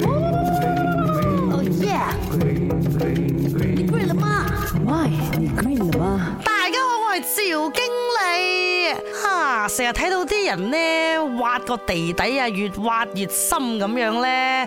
哦耶！你 green 了嗎？喂，你 green 了嗎？大家好，我係趙經理。哈、啊，成日睇到啲人呢，挖個地底啊，越挖越深咁樣咧。